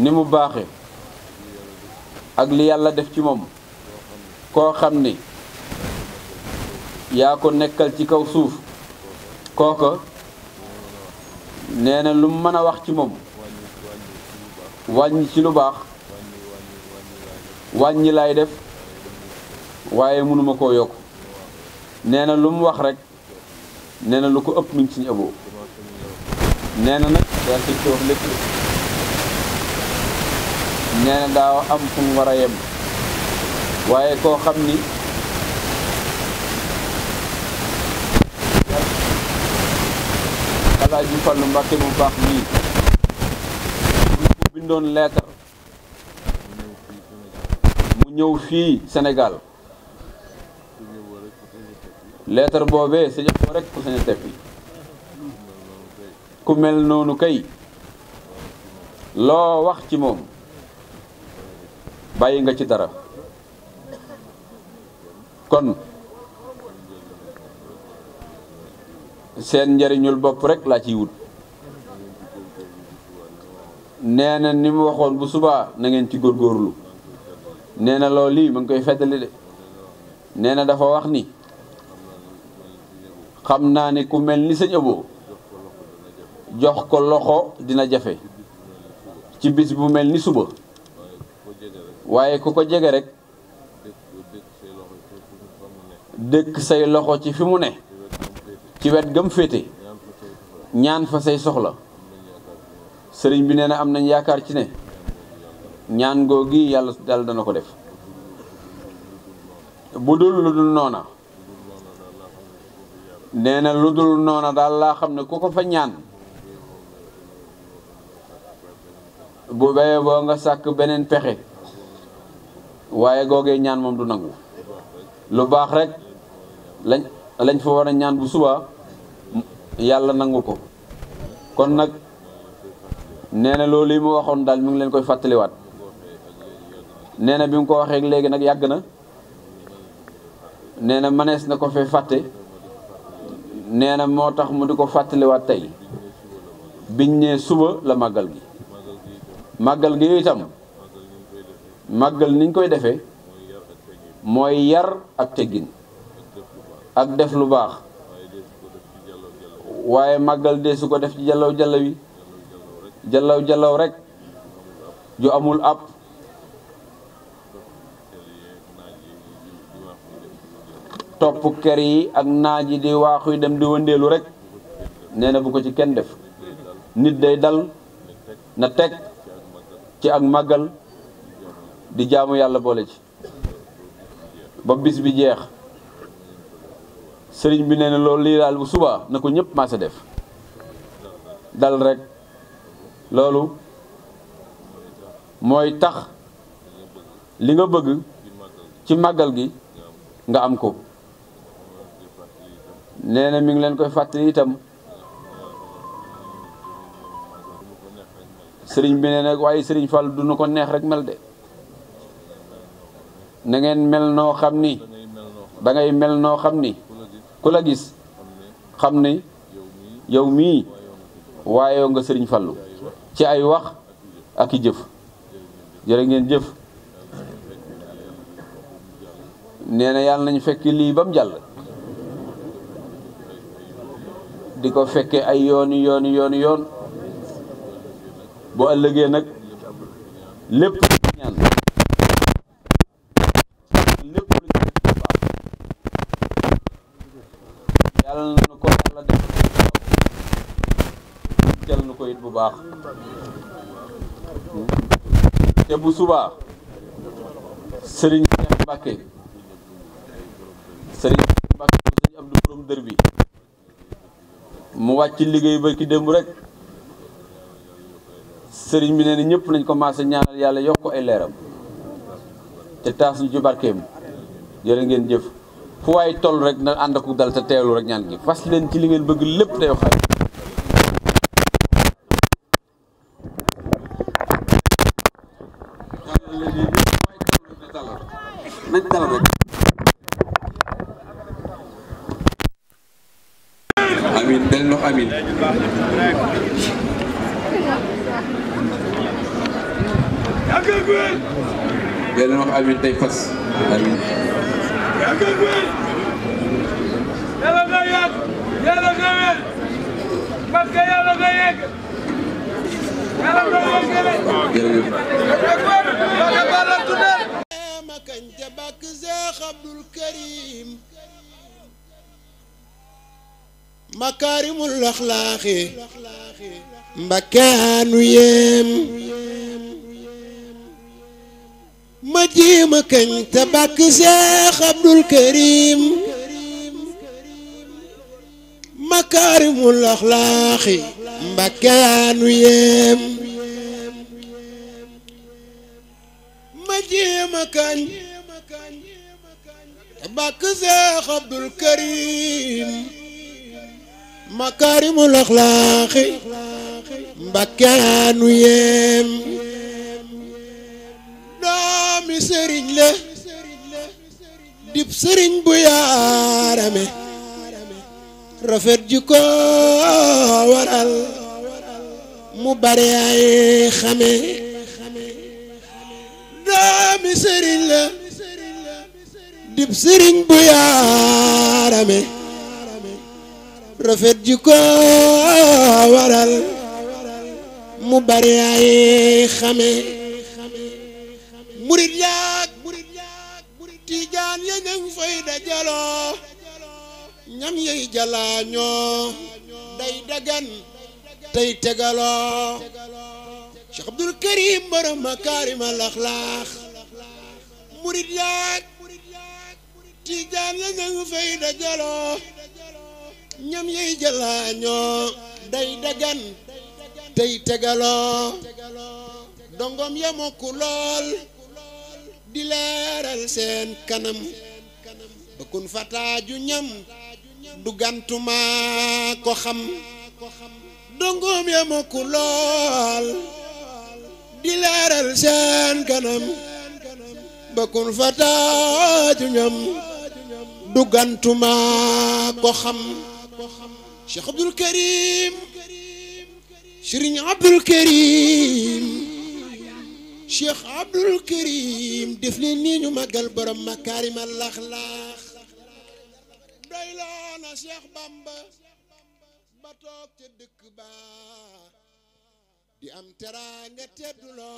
ni mu baaxe ak li yàlla def ci moom koo xam ni yaa ko nekkal ci kaw suuf kooka nee na lu mu mën a wax ci moom wàññi ci lu baax wàññi laay def waaye mënuma koo yokk nee na lu mu wax rekk nee na lu ko ëpp mi ngi ci aboo nee na nag daa sëñ ko lépp nee na daaw am fu mu war a waaye koo xam ni Alaaji lu Mbàkke mu baax nii ñu ko bindoon leetar mu ñëw fii senegal leetar boobee saña ko rek ku saña teppi ku mel noonu kay loo wax ci moom bàyyi nga ci dara kon seen njëriñul bopp rek laa ciy wut nee na ni mu waxoon bu suba na ngeen ci góorgóorlu nee na loolu lii ma ngi koy feddali de nee na dafa wax ni xam naa ni ku mel ni sëñ Abo jox ko loxo dina jafe ci bis bu mel ni suba waaye ku ko jege rek dëkk say loxo ci fi mu ne ci wet gam féete ñaan fa say soxla sëriñ bi nee na am nañ yaakaar ci ne ñaan googi yàlla daal dana ko def bu dul lu dul noona nee na lu dul noona daal laa xam ne ku ko fa ñaan bu béye boo nga sàkk beneen pexe waaye googee ñaan moom du nangu lu baax rek lañ lañ fa war a ñaan bu suba yàlla nangu ko kon nag nee na loolu yi mu waxoon daal mu ngi leen koy fàttaliwaat nee na bi mu ko waxee léegi nag yàgg na nee na manees na ko fee fàtte nee na moo tax mu di ko fàttaliwaat tey biñ ñee suba la màggal gi màggal gi itam màggal niñ koy defee mooy yar ak teggin ak def lu baax waaye màggal dee su ko def ci jallaw jallaw yi rekk jallaw ju amul àpp topp kër yi ak naaj yi di waaxuy dem di wëndeelu rekk nee na bu ko ci kenn def nit day dal na teg ci ak màggal di jaamu yàlla boole ci ba bis bi jeex sëriñ bi nee na loolu lii daal bu subaa na ko ñëpp maase def dal rekk loolu mooy tax li nga bëgg ci màggal gi nga am ko nee na mi ngi leen koy fàttali itam sëriñ bi nee na waaye sëriñ Fall du nu ko neex rek mel de na ngeen mel noo xam ni da ngay mel noo xam ni ku la gis xam ni yow mii waayoo nga sëriñ Fallu ci ay wax ak i jëf jërë ngeen jëf nee na yàlla nañu fekk lii ba mu jàll di ko fekkee ay yooni yooni yooni yoon bu ëllëgee nag lépp ñaan yàlla na ko nu ko it bu baax bu subaa sëriñ Cheikh Mbacke sëriñ Cheikh Mbacke bu sëriñ Abdou borom dër bi mu wàcc ci liggéey ba ki démb rek sëriñ bi nee na ñëpp nañ commencé ñaanal yàlla yokk ay leeram te taas ñu ci barkeem jërë ngeen jëf waay toll rek na ànd dal te fas leen ci li ngeen bëgg lépp tey amin benn lox amin benn lox amin tey fas amin Gülgül. Yalla nga yàgg yalla nga wér parce que yalla nga yegg yalla nga yegg ma kañ ca bàkk Seex Abdul Karim makaarimul axlaaxi mbakke anu yem ma jéem a kañ te bàkk Seex Abdul Karim makaarimul axlaaxi Mbàkke yaa nu yem ma jéem a kañ te bàkk Seex Abdul Karim makaarimul axlaaxi Mbàkke yaa nu yem sëriñ la dib sëriñ bu rafet ji ko waral mu bare ay xame doomi sëriñ la dib sëriñ bu yaarame rafet ji waral mu bare ay xame yey dajaloo ñam yey jalaañoo day dagan tey tegaloo la nangu fay dajaloo ñam yey jalaañoo day dagan dongom ya mokku lool di leeral seen kanam kun fataaju ñam du ko xam dongoom ya mokk lool di leeral seen kanam ba kun fataaju ñam du ko xam Cheikh Abdul Karim Sëriñ Abdul Karim def leen nii ñu màggal borom makaarimal axlaaq Tuuba di am teraanga teddu lool